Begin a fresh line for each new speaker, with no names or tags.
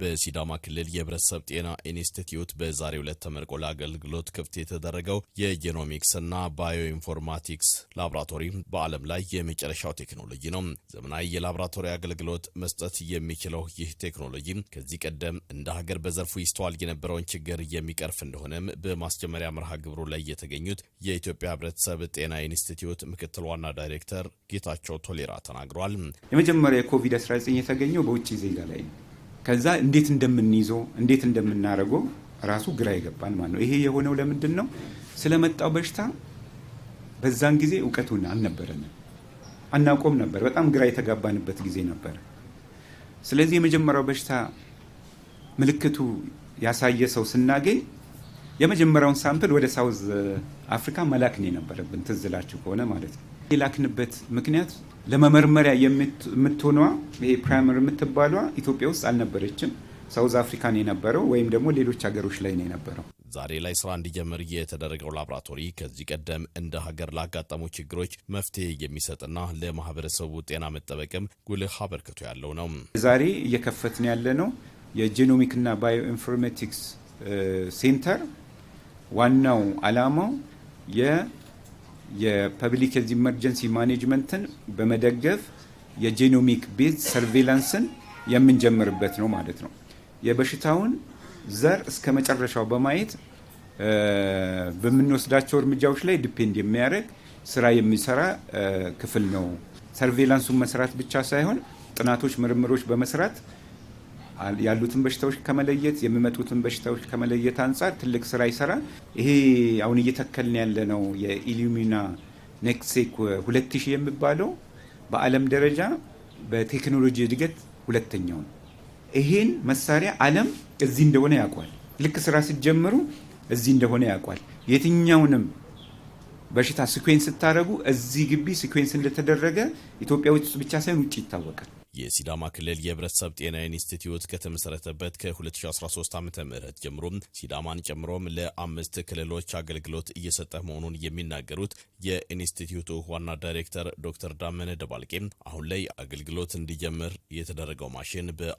በሲዳማ ክልል የህብረተሰብ ጤና ኢንስቲትዩት በዛሬው ዕለት ተመርቆ ለአገልግሎት ክፍት የተደረገው የጄኖሚክስ እና ባዮ ኢንፎርማቲክስ ላቦራቶሪ በዓለም ላይ የመጨረሻው ቴክኖሎጂ ነው። ዘመናዊ የላቦራቶሪ አገልግሎት መስጠት የሚችለው ይህ ቴክኖሎጂ ከዚህ ቀደም እንደ ሀገር በዘርፉ ይስተዋል የነበረውን ችግር የሚቀርፍ እንደሆነም በማስጀመሪያ መርሃ ግብሩ ላይ የተገኙት የኢትዮጵያ ህብረተሰብ ጤና ኢንስቲትዩት ምክትል ዋና ዳይሬክተር ጌታቸው ቶሌራ ተናግሯል።
የመጀመሪያ የኮቪድ-19 የተገኘው በውጭ ዜጋ ላይ ነው ከዛ እንዴት እንደምንይዘው እንዴት እንደምናደርገው ራሱ ግራ ይገባል ማለት ነው። ይሄ የሆነው ለምንድን ነው? ስለመጣው በሽታ በዛን ጊዜ እውቀቱን አልነበረንም፣ አናቆም ነበር። በጣም ግራ የተጋባንበት ጊዜ ነበር። ስለዚህ የመጀመሪያው በሽታ ምልክቱ ያሳየ ሰው ስናገኝ የመጀመሪያውን ሳምፕል ወደ ሳውዝ አፍሪካ መላክኔ ነው የነበረብን። ትዝላችሁ ከሆነ ማለት ነው የላክንበት ምክንያት ለመመርመሪያ የምትሆኗ ይሄ ፕራይመር የምትባለዋ ኢትዮጵያ ውስጥ አልነበረችም። ሳውዝ አፍሪካን የነበረው ወይም ደግሞ ሌሎች ሀገሮች ላይ ነው የነበረው።
ዛሬ ላይ ስራ እንዲጀምር የተደረገው ላብራቶሪ ከዚህ ቀደም እንደ ሀገር ላጋጠሙ ችግሮች መፍትሄ የሚሰጥና ለማህበረሰቡ ጤና መጠበቅም ጉልህ አበርክቶ ያለው ነው።
ዛሬ እየከፈትን ያለ ነው የጂኖሚክና ባዮ ኢንፎርሜቲክስ ሴንተር ዋናው አላማው የፐብሊክ ሄልዝ ኢመርጀንሲ ማኔጅመንትን በመደገፍ የጄኖሚክ ቤዝ ሰርቬላንስን የምንጀምርበት ነው ማለት ነው። የበሽታውን ዘር እስከ መጨረሻው በማየት በምንወስዳቸው እርምጃዎች ላይ ዲፔንድ የሚያደርግ ስራ የሚሰራ ክፍል ነው። ሰርቬላንሱን መስራት ብቻ ሳይሆን ጥናቶች፣ ምርምሮች በመስራት ያሉትን በሽታዎች ከመለየት የሚመጡትን በሽታዎች ከመለየት አንጻር ትልቅ ስራ ይሰራል። ይሄ አሁን እየተከልን ያለ ነው የኢሉሚና ኔክሴክ 2000 የሚባለው በዓለም ደረጃ በቴክኖሎጂ እድገት ሁለተኛው ነው። ይሄን መሳሪያ ዓለም እዚህ እንደሆነ ያውቋል። ልክ ስራ ስትጀምሩ እዚህ እንደሆነ ያውቋል። የትኛውንም በሽታ ሲኩዌንስ ስታደረጉ እዚህ ግቢ ሲኩዌንስ እንደተደረገ ኢትዮጵያ ውስጥ ብቻ ሳይሆን ውጭ ይታወቃል።
የሲዳማ ክልል የህብረተሰብ ጤና ኢንስቲትዩት ከተመሰረተበት ከ2013 ዓ ም ጀምሮ ሲዳማን ጨምሮም ለአምስት ክልሎች አገልግሎት እየሰጠ መሆኑን የሚናገሩት የኢንስቲትዩቱ ዋና ዳይሬክተር ዶክተር ዳመነ ደባልቄ አሁን ላይ አገልግሎት እንዲጀምር የተደረገው ማሽን በ